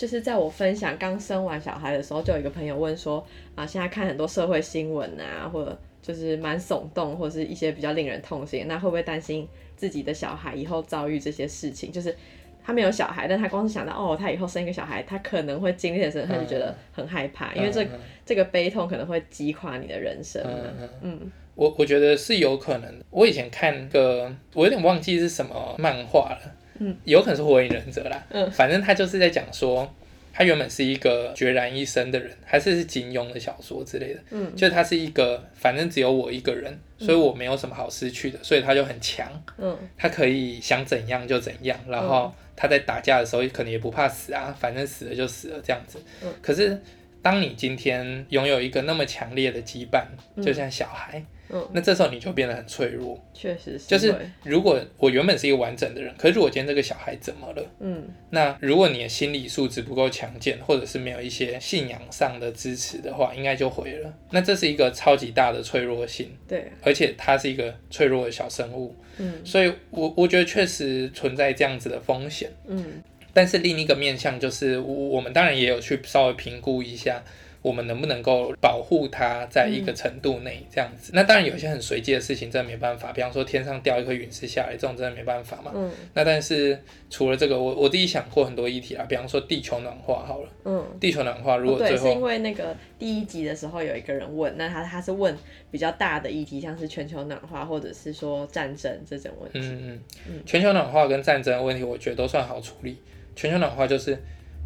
就是在我分享剛生完小孩的時候，就有一個朋友問說：“啊，現在看很多社會新聞啊，或者就是蠻聳動，或者是一些比較令人痛心，那會不會擔心自己的小孩以後遭遇這些事情？就是他沒有小孩，但他光是想到哦，他以後生一個小孩，他可能會經歷的時候、嗯，他就覺得很害怕，因為這、嗯、這個悲痛可能會擊垮你的人生、啊。”嗯嗯。我我覺得是有可能的。我以前看個，我有點忘記是什麼漫畫了。有可能是《火影忍者》啦，嗯，反正他就是在講說，他原本是一個孑然一身的人，還是是金庸的小說之類的，嗯，就是他是一個，反正只有我一個人，所以我沒有什麼好失去的，嗯，所以他就很強，嗯，他可以想怎樣就怎樣，然後他在打架的時候可能也不怕死啊，反正死了就死了這樣子，可是當你今天擁有一個那麼強烈的羈絆，就像小孩。嗯哦、那這時候你就變得很脆弱，確實是。就是如果我原本是一個完整的人，可是如果今天這個小孩怎麼了，嗯，那如果你的心理素質不夠強健，或者是沒有一些信仰上的支持的話，應該就毀了。那這是一個超級大的脆弱性，對，而且它是一個脆弱的小生物，嗯，所以我我覺得確實存在這樣子的風險，嗯。但是另一個面向就是，我我們當然也有去稍微評估一下。我們能不能夠保護它在一個程度內這樣子，嗯？那當然有一些很隨機的事情，真的沒辦法。比方說天上掉一顆隕石下來，這種真的沒辦法嘛。嗯、那但是除了這個，我我自己想過很多議題啊。比方說地球暖化，好了。嗯。地球暖化如果最後、哦、對、是因為那個第一集的時候有一個人問，那他他是問比較大的議題，像是全球暖化或者是說戰爭這種問題。嗯嗯嗯。全球暖化跟戰爭的問題，我覺得都算好處理。全球暖化就是。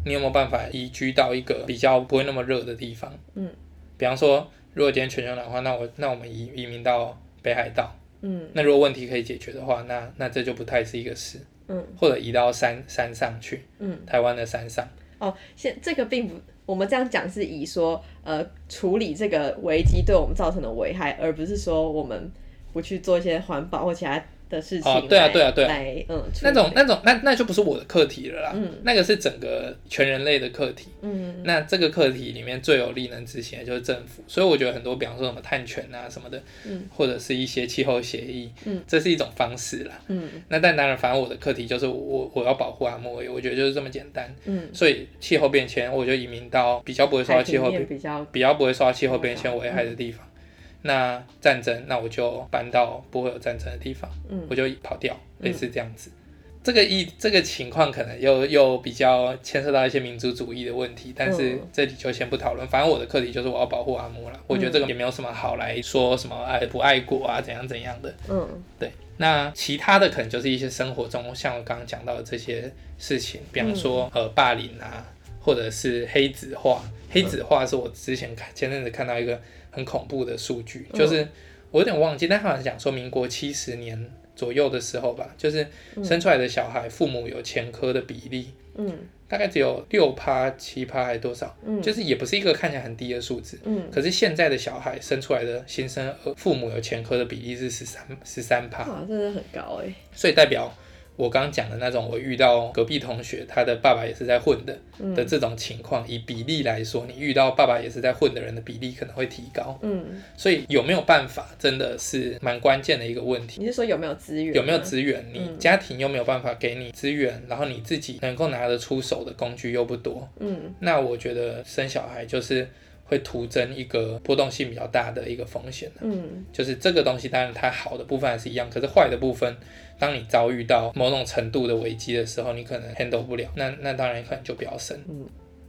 你有沒有辦法移居到一個比較不會那麼熱的地方？嗯，比方說，如果今天全球暖化的話，那我那我們移移民到北海道。嗯，那如果問題可以解決的話，那那這就不太是一個事。嗯，或者移到山山上去。嗯，台灣的山上。哦，現這個並不，我們這樣講是以說，呃，處理這個危機對我們造成的危害，而不是說我們不去做一些環保或其他。的事情哦，對啊，對啊，對啊，啊、嗯、那種那種那那就不是我的課題了啦、嗯，那個是整個全人類的課題，嗯，那這個課題裡面最有力能執行的就是政府、嗯，所以我覺得很多，比方說什麼碳權啊什麼的，嗯、或者是一些氣候協議，嗯，這是一種方式啦。嗯，那但當然，反而我的課題就是我我要保護阿莫耶，我覺得就是這麼簡單，嗯，所以氣候變遷，我就移民到比較不會受到氣候比較比較不會受到氣候變遷危害的地方。嗯那戰爭，那我就搬到不會有戰爭的地方，嗯，我就跑掉，類似這樣子。嗯、這個一這個情況可能又又比較牽涉到一些民族主義的問題，但是這裡就先不討論、嗯。反正我的課題就是我要保護阿嬤啦、嗯，我覺得這個也沒有什麼好來說什麼愛不愛國啊，怎樣怎樣的，嗯，對。那其他的可能就是一些生活中像我剛剛講到的這些事情，比方說、嗯、呃霸凌啊，或者是黑子化。嗯、黑子化是我之前看前陣子看到一個。很恐怖的數據，就是我有點忘記，但好像講說民國七十年左右的時候吧，就是生出來的小孩，父母有前科的比例，嗯，大概只有六趴、七趴還是多少，就是也不是一個看起來很低的數字，嗯，可是現在的小孩生出來的新生兒，父母有前科的比例是十三、十三趴，真的很高哎！所以代表。我剛剛講的那種，我遇到隔壁同學，他的爸爸也是在混的的，嗯，這種情況，以比例來說，你遇到爸爸也是在混的人的比例可能會提高。嗯，所以有沒有辦法，真的是蠻關鍵的一個問題。你是說有沒有資源？有沒有資源？你家庭又沒有辦法給你資源，然後你自己能夠拿得出手的工具又不多。嗯，那我覺得生小孩就是。會徒增一個波動性比較大的一個風險、啊、嗯，就是這個東西，當然它好的部分還是一樣，可是壞的部分，當你遭遇到某種程度的危機的時候，你可能 handle 不了，那那當然可能就比較深，嗯，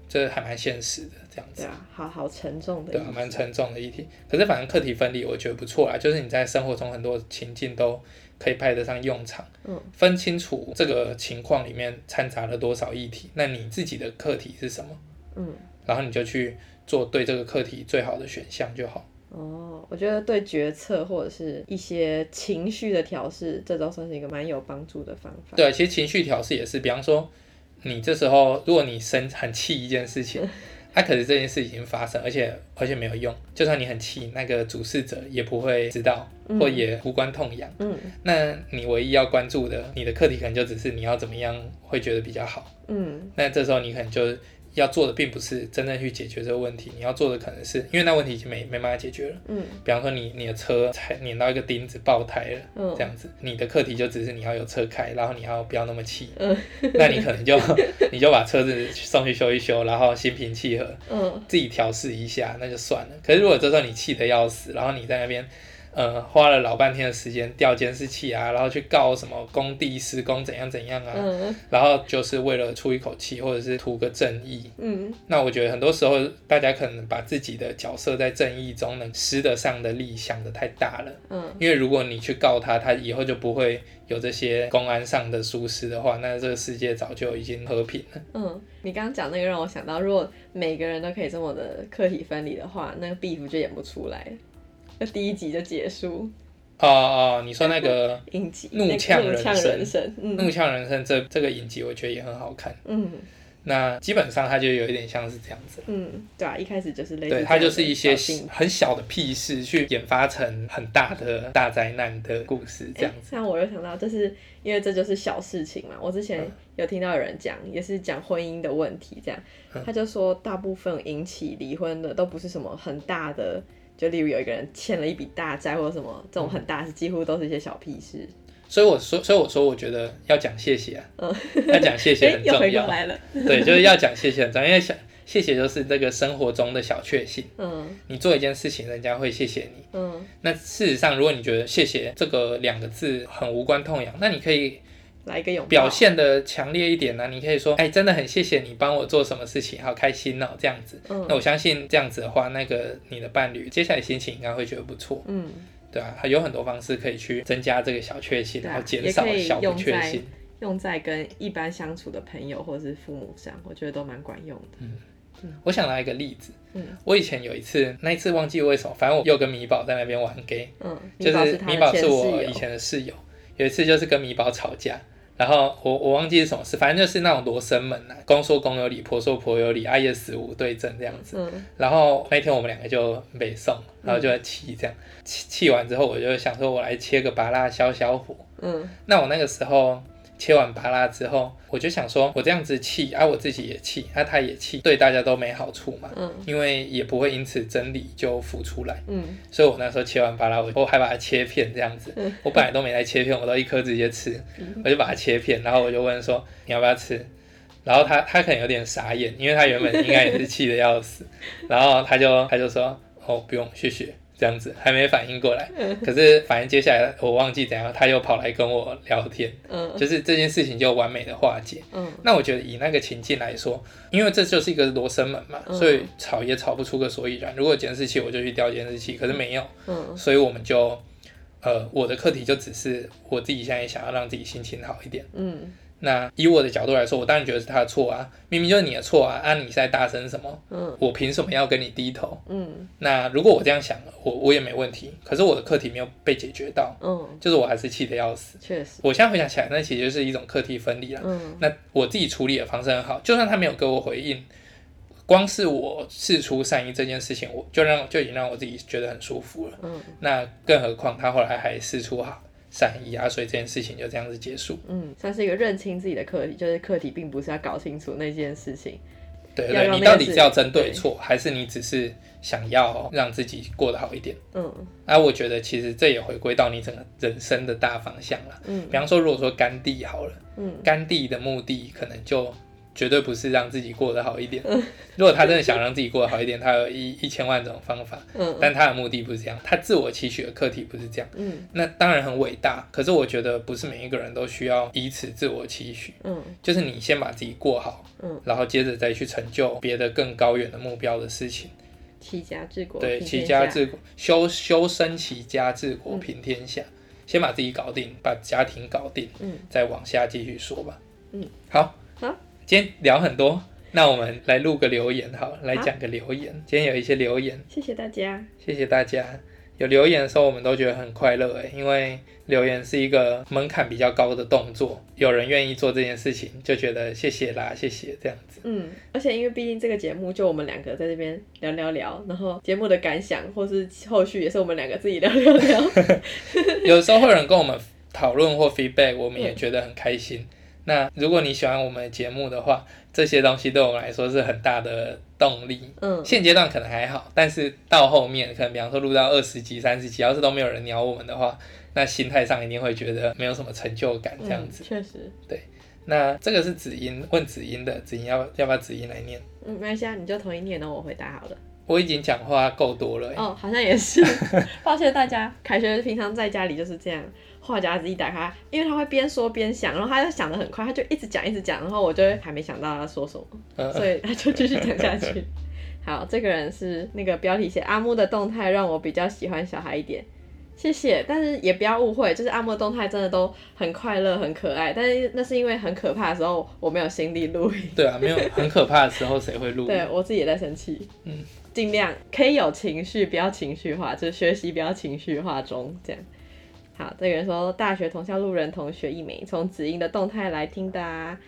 這、就是、還蠻現實的這樣子，嗯、對、啊、好好沉重的，對、啊、蠻沉重的議題，可是反正課題分離，我覺得不錯啦，就是你在生活中很多情境都可以派得上用場，嗯，分清楚這個情況裡面摻雜了多少議題，那你自己的課題是什麼，嗯，然後你就去。做對這個課題最好的選項就好。哦，我覺得對決策或者是一些情緒的調適，這都算是一個蠻有幫助的方法。對，其實情緒調適也是，比方說你這時候，如果你生很氣一件事情，它、 啊、可是這件事已經發生，而且而且沒有用。就算你很氣，那個主事者也不會知道，或也無關痛癢。嗯，那你唯一要關注的，你的課題可能就只是你要怎麼樣會覺得比較好。嗯，那這時候你可能就。要做的並不是真正去解決這個問題，你要做的可能是因為那問題已經沒沒辦法解決了。嗯，比方說你你的車才碾到一個釘子爆胎了，嗯，這樣子，你的課題就只是你要有車開，然後你要不要那麼氣。嗯，那你可能就 你就把車子送去修一修，然後心平氣和，嗯，自己調試一下，那就算了。可是如果這時候你氣得要死，然後你在那邊。呃、嗯，花了老半天的時間調監視器啊，然後去告什麼工地施工怎樣怎樣啊、嗯，然後就是為了出一口氣或者是圖個正義。嗯，那我覺得很多時候大家可能把自己的角色在正義中能施得上的力想得太大了。嗯，因為如果你去告他，他以後就不會有這些公安上的疏失的話，那這個世界早就已經和平了。嗯，你剛剛講那個讓我想到，如果每個人都可以這麼的課題分離的話，那個 Beef 就演不出來。那第一集就結束，哦哦，你說那個影集《怒嗆人生，》 那《個、怒嗆人生》嗯、怒嗆人生，這這個影集我覺得也很好看，嗯，那基本上它就有一點像是這樣子，嗯，對啊，一開始就是類似的，對，它就是一些很小的屁事去引發成很大的大災難的故事這樣子。像、欸、我又想到，這是因為這就是小事情嘛，我之前有聽到有人講、嗯，也是講婚姻的問題這樣、嗯，他就說大部分引起離婚的都不是什麼很大的。就例如有一個人欠了一筆大債，或者什麼這種很大、嗯、幾乎都是一些小屁事。所以我說，所以我說，我覺得要講謝謝啊，要、嗯、講 謝謝很重要。欸、又回過來了， 對，就是要講謝謝很重要，因為謝謝就是這個生活中的小確幸。嗯，你做一件事情，人家會謝謝你。嗯，那事實上，如果你覺得謝謝這個兩個字很無關痛癢，那你可以。來一個擁抱，表現的強烈一點呢、啊？你可以說，哎，真的很謝謝你幫我做什麼事情，好開心哦，這樣子、嗯。那我相信這樣子的話，那個你的伴侶接下來心情應該會覺得不錯。嗯，對啊，他有很多方式可以去增加這個小確幸，然後減少小不確幸。用在，用在跟一般相處的朋友或是父母上，我覺得都蠻管用的。嗯，我想拿一個例子。嗯，我以前有一次，那一次忘記為什麼，反正我又跟米寶在那邊玩 gay 嗯。嗯，就是米寶是我以前的室友、嗯、的前室友，有一次就是跟米寶吵架。然後我我忘記是什麼事，反正就是那種羅生門吶、啊，公說公有理，婆說婆有理，啊也死無對證這樣子、嗯。然後那天我們兩個就沒送，然後就在氣這樣，氣、嗯、完之後，我就想說，我來切個芭樂消消火。嗯，那我那個時候。切完芭樂之後，我就想說，我這樣子氣，啊我自己也氣，那、啊、他也氣，對大家都沒好處嘛、嗯。因為也不會因此真理就浮出來。嗯、所以我那時候切完芭樂，我我還把它切片這樣子。嗯、我本來都沒在切片，我都一顆直接吃。嗯、我就把它切片，然後我就問說，你要不要吃？然後他他可能有點傻眼，因為他原本應該也是氣得要死、嗯，然後他就他就說，哦，不用，謝謝。這樣子還沒反應過來，嗯、可是反應接下來我忘記怎樣，他又跑來跟我聊天，嗯，就是這件事情就完美的化解，嗯。那我覺得以那個情境來說，因為這就是一個羅生門嘛，嗯、所以吵也吵不出個所以然。如果監視器我就去調監視器，可是沒用，嗯。所以我們就，呃，我的課題就只是我自己現在想要讓自己心情好一點，嗯。那以我的角度來說，我當然覺得是他的錯啊，明明就是你的錯啊，那、啊、你在大聲什麼？嗯，我憑什麼要跟你低頭？嗯，那如果我這樣想了，我我也沒問題。可是我的課題沒有被解決到，嗯，就是我還是氣得要死。確實，我現在回想起來，那其實就是一種課題分離了。嗯，那我自己處理的方式很好，就算他沒有給我回應，光是我釋出善意這件事情，我就讓就已經讓我自己覺得很舒服了。嗯，那更何況他後來還釋出好。善意啊，所以這件事情就這樣子結束。嗯，算是一個認清自己的課題，就是課題並不是要搞清楚那件事情。對對，對，你到底是要爭對錯，還是你只是想要讓自己過得好一點？嗯，啊，我覺得其實這也回歸到你整個人生的大方向了。嗯，比方說，如果說甘地好了，嗯，甘地的目的可能就。絕對不是讓自己過得好一點。如果他真的想讓自己過得好一點，他有一一千萬種方法。但他的目的不是這樣，他自我期許的課題不是這樣。那當然很偉大，可是我覺得不是每一個人都需要以此自我期許。就是你先把自己過好，然後接着再去成就別的更高遠的目標的事情。齊家治國。對，齊家治國，修修身齊家治國平天下。先把自己搞定，把家庭搞定，再往下繼續說吧。嗯，好，好。今天聊很多，那我們來錄個留言，好，來講個留言。啊，今天有一些留言，謝謝大家，謝謝大家。有留言的時候，我們都覺得很快樂耶，因為留言是一個門檻比較高的動作，有人願意做這件事情，就覺得謝謝啦，謝謝這樣子。嗯，而且因為畢竟這個節目就我們兩個在這邊聊聊聊，然後節目的感想或是後續也是我們兩個自己聊聊聊。 有時候會有人跟我們討論或 feedback，我們也覺得很開心。嗯那如果你喜歡我們的節目的話，這些東西對我們來說是很大的動力。嗯，現階段可能還好，但是到後面，可能比方說錄到二十集、三十集，要是都沒有人鳥我們的話，那心態上一定會覺得沒有什麼成就感，這樣子。嗯、確實。對。那這個是子音問子音的，子音要要不要子音來念。嗯，沒關係、啊，你就統一念那我回答好了。我已經講話夠多了、欸。哦，好像也是。 抱歉大家。凱學平常在家裡就是這樣。話匣子一打開，因為他會邊說邊想，然後他就想得很快，他就一直講一直講，然後我就還沒想到他說什麼，所以他就繼續講下去。好，這個人是那個標題寫阿木的動態，讓我比較喜歡小孩一點，謝謝。但是也不要誤會，就是阿木動態真的都很快樂很可愛，但是那是因為很可怕的時候我沒有心力錄。對啊，沒有很可怕的時候誰會錄？ 對我自己也在生氣。嗯，儘量可以有情緒，不要情緒化，就是學習不要情緒化中這樣。好，這個人說，大學同校路人同學一枚，從子英的動態來聽的，啊，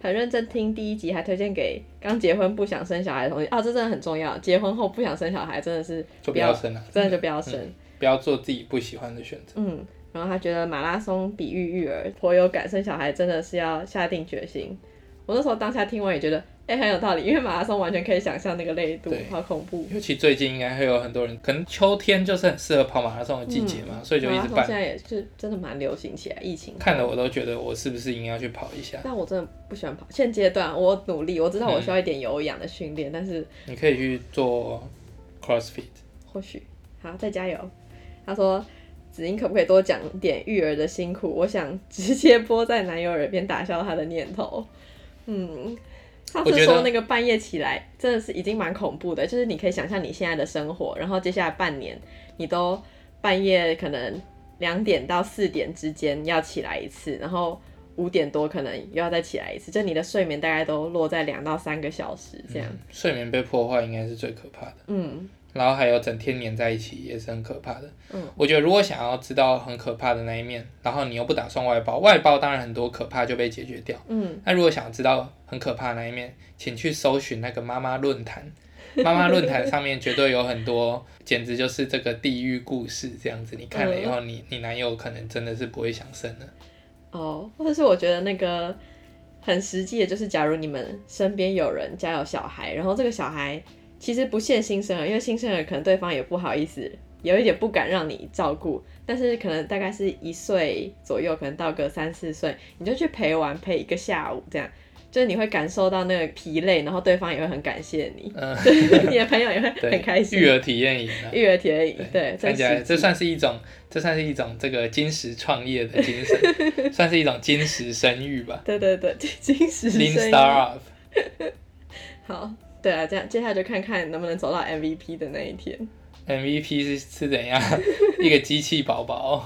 很認真聽第一集，還推薦給剛結婚不想生小孩的同學。哦，這真的很重要，結婚後不想生小孩真的是，不就不要生了，真的就不要生，嗯，不要做自己不喜歡的選擇。嗯，然後他覺得馬拉松比喻育兒頗有感，生小孩真的是要下定決心。我那時候當下聽完也覺得。哎、欸，很有道理，因為馬拉松完全可以想象那個累度，好恐怖。尤其最近應該會有很多人，可能秋天就是很適合跑馬拉松的季節嘛、嗯，所以就一直辦。現在也是真的蠻流行起來，疫情。看的我都覺得我是不是應該去跑一下？但、嗯、我真的不喜歡跑，現階段我努力，我知道我需要一點有氧的訓練、嗯，但是你可以去做 CrossFit，、嗯、或許好，再加油。他說：“子英，可不可以多講點育兒的辛苦？”我想直接播在男友耳邊，打消他的念頭。嗯。他是說那個半夜起來真的是已經蠻恐怖的，就是你可以想象你現在的生活，然後接下來半年你都半夜可能兩點到四點之間要起來一次，然後五點多可能又要再起來一次，就你的睡眠大概都落在兩到三個小時這樣，嗯。睡眠被破壞應該是最可怕的。嗯。然後還有整天黏在一起也是很可怕的。嗯，我覺得如果想要知道很可怕的那一面，然後你又不打算外包，外包當然很多可怕就被解決掉。嗯，那如果想知道很可怕的那一面，請去搜尋那個媽媽論壇，媽媽論壇上面絕對有很多， 簡直就是這個地獄故事這樣子。你看了以後你，你、嗯、你男友可能真的是不會想生了。哦，或者是我覺得那個很實際的，就是假如你們身邊有人家有小孩，然後這個小孩。其實不限新生兒，因為新生兒可能對方也不好意思，有一點不敢讓你照顧。但是可能大概是一歲左右，可能到個三四歲，你就去陪玩，陪一個下午這樣，就是你會感受到那個疲累，然後對方也會很感謝你，嗯、對 你的朋友也會很開心。育兒體驗營，育兒體驗營、啊，對，看對這，奇奇這算是一種，這算是一種這個精實創業的精神， 算是一種精實生育吧。對對對，精實。Lean Startup 對啊，這樣接下來就看看能不能走到 MVP 的那一天。MVP 是是怎樣 一個機器寶寶？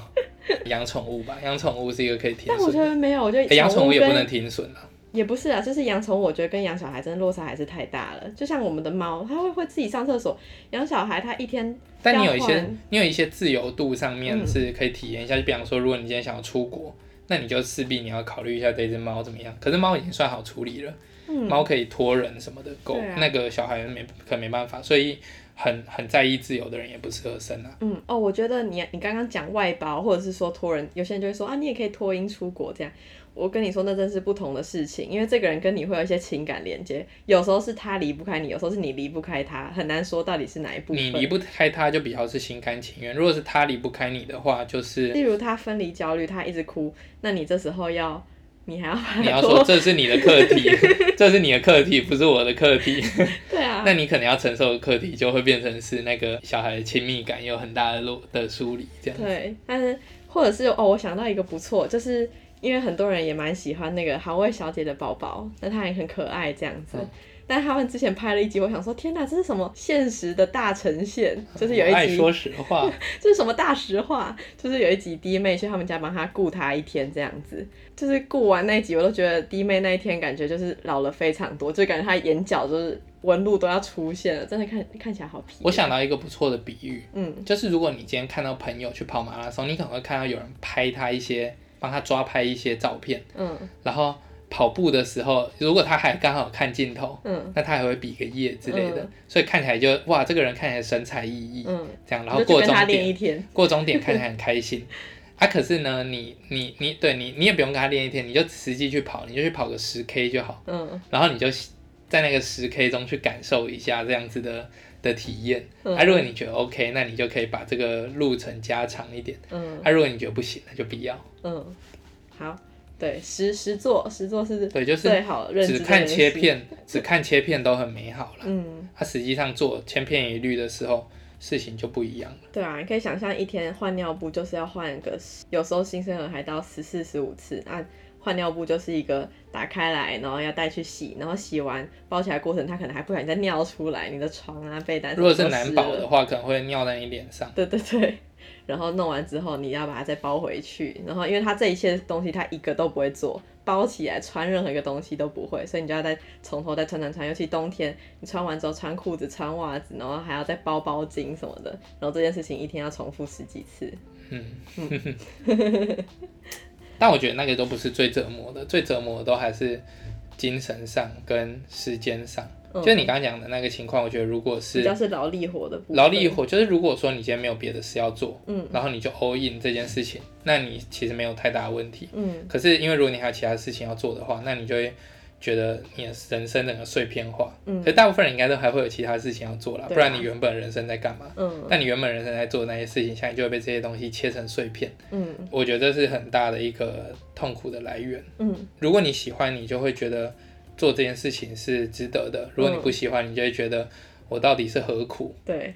養 寵物吧，養寵物是一個可以提，但我覺得沒有，我覺得、欸、養寵物也不能停損啊。也不是啊，就是養寵物，我覺得跟養小孩真的落差還是太大了。就像我們的貓，它會會自己上廁所。養小孩，它一天。但你有一些，你有一些自由度上面是可以體驗一下。就、嗯、比方說，如果你今天想要出國，那你就勢必你要考慮一下這只貓怎麼樣。可是貓已經算好處理了。貓、嗯、可以託人什麼的狗，狗、啊、那個小孩沒可沒辦法，所以很很在意自由的人也不適合生啊。嗯哦，我覺得你你剛剛講外包或者是說託人，有些人就會說啊，你也可以託嬰出國這樣。我跟你說，那真是不同的事情，因為這個人跟你會有一些情感連接，有時候是他離不開你，有時候是你離不開他，很難說到底是哪一部分。你離不開他就比較是心甘情願，如果是他離不開你的話，就是例如他分離焦慮，他一直哭，那你這時候要。你還要你要說這是你的課題， 這是你的課題，不是我的課題。 對啊， 那你可能要承受的課題就會變成是那個小孩的親密感有很大的落的疏離這樣，對，但是或者是哦，我想到一個不錯，就是因為很多人也蠻喜歡那個韓魏小姐的寶寶，那她也很可愛這樣子。嗯但他們之前拍了一集，我想說，天哪，啊，這是什麼現實的大呈現？就是有一集，說實話， 這是什麼大實話？就是有一集弟妹去他們家幫他顧他一天，這樣子，就是顧完那集，我都覺得弟妹那一天感覺就是老了非常多，就感覺他眼角就是紋路都要出現了，真的看看起來好皮，啊。我想到一個不錯的比喻，嗯，就是如果你今天看到朋友去跑馬拉松，你可能會看到有人拍他一些，幫他抓拍一些照片，嗯，然後。跑步的時候，如果他還剛好看鏡頭，嗯，那他還會比個耶之類的，嗯，所以看起來就哇，這個人看起來神采奕奕，嗯，這樣，然後過終點， 過終點看起來很開心，啊，可是呢，你你你，對你你也不用跟他練一天，你就實際去跑，你就去跑個十 K 就好，嗯，然後你就在那個十 K 中去感受一下這樣子的的體驗，他、嗯啊、如果你覺得 OK，那你就可以把這個路程加長一點，嗯，啊、如果你覺得不行，那就不要，嗯，好。對，實實做實做是最好認識的。對就是、只看切片， 只看切片都很美好了。嗯，它、啊、實際上做千篇一律的時候，事情就不一樣了。對啊，你可以想象一天換尿布就是要換一個，有時候新生兒還到十四十五次，那、啊、換尿布就是一個打開來，然後要帶去洗，然後洗完包起來的過程，他可能還不小心再尿出來，你的床啊被單。如果是男寶的話，可能會尿在你臉上。對對對,對。然後弄完之後，你要把它再包回去。然後，因為它這一切東西，它一個都不會做，包起來穿任何一個東西都不會，所以你就要再從頭再穿穿穿。尤其冬天，你穿完之後穿褲子、穿襪子，然後還要再包包巾什麼的。然後這件事情一天要重複十幾次。嗯， 但我覺得那個都不是最折磨的，最折磨的都還是精神上跟時間上。Okay. 就是你剛剛講的那個情況，我覺得如果是勞力活，比較是勞力活的，勞力活就是如果說你今天沒有別的事要做、嗯，然後你就 all in 這件事情，那你其實沒有太大的問題、嗯，可是因為如果你還有其他事情要做的話，那你就會覺得你的人生整個碎片化，所、嗯、可大部分人應該都還會有其他事情要做啦，嗯、不然你原本人生在幹嘛、嗯？但你原本人生在做的那些事情，現在就會被這些東西切成碎片，嗯、我覺得是很大的一個痛苦的來源，嗯、如果你喜歡，你就會覺得。做這件事情是值得的。如果你不喜歡，嗯，你就會覺得我到底是何苦？對，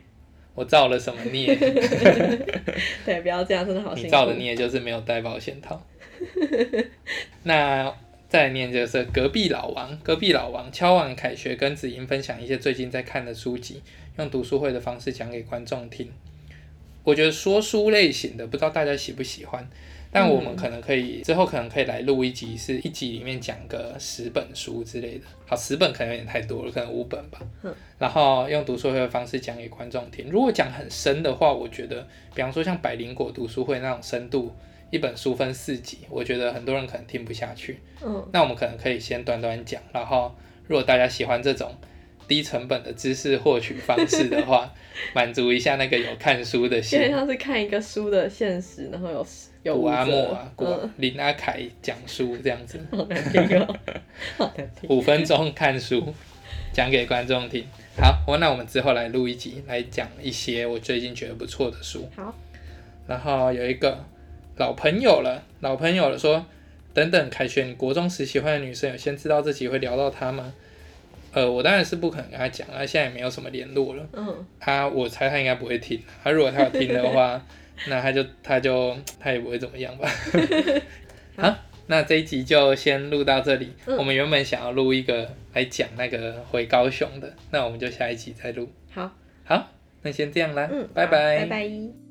我造了什麼孽？ 對，不要這樣，真的好。你造的孽就是沒有帶保險套。 那再念就是隔壁老王，隔壁老王敲完凱學跟子音分享一些最近在看的書籍，用讀書會的方式講給觀眾聽。我覺得說書類型的，不知道大家喜不喜歡。但我們可能可以之後可能可以來錄一集，是一集裡面講個十本書之類的。好，十本可能有點太多了，可能五本吧。嗯。然後用讀書會的方式講給觀眾聽。如果講很深的話，我覺得，比方說像百靈果讀書會那種深度，一本書分四集，我覺得很多人可能聽不下去。嗯。那我們可能可以先短短講，然後如果大家喜歡這種低成本的知識獲取方式的話， 滿足一下那個有看書的心，有點像是看一個書的現實，然後有。有古阿莫啊，嗯、古阿林阿凱講書這樣子， 五分鐘看書講給觀眾聽。好，我那我們之後來錄一集，來講一些我最近覺得不錯的書。好，然後有一個老朋友了，老朋友了說，等等，凱旋，國中時喜歡的女生有先知道自己會聊到她嗎？呃，我當然是不可能跟她講，她現在也沒有什麼聯絡了。她、嗯啊，我猜她應該不會聽，她如果她要聽的話。 那他就他就他也不會怎麼樣吧 好。好、啊，那這一集就先錄到這裡，嗯。我們原本想要錄一個來講那個回高雄的，那我們就下一集再錄。好，好，那先這樣啦。嗯，拜拜。拜拜。Bye bye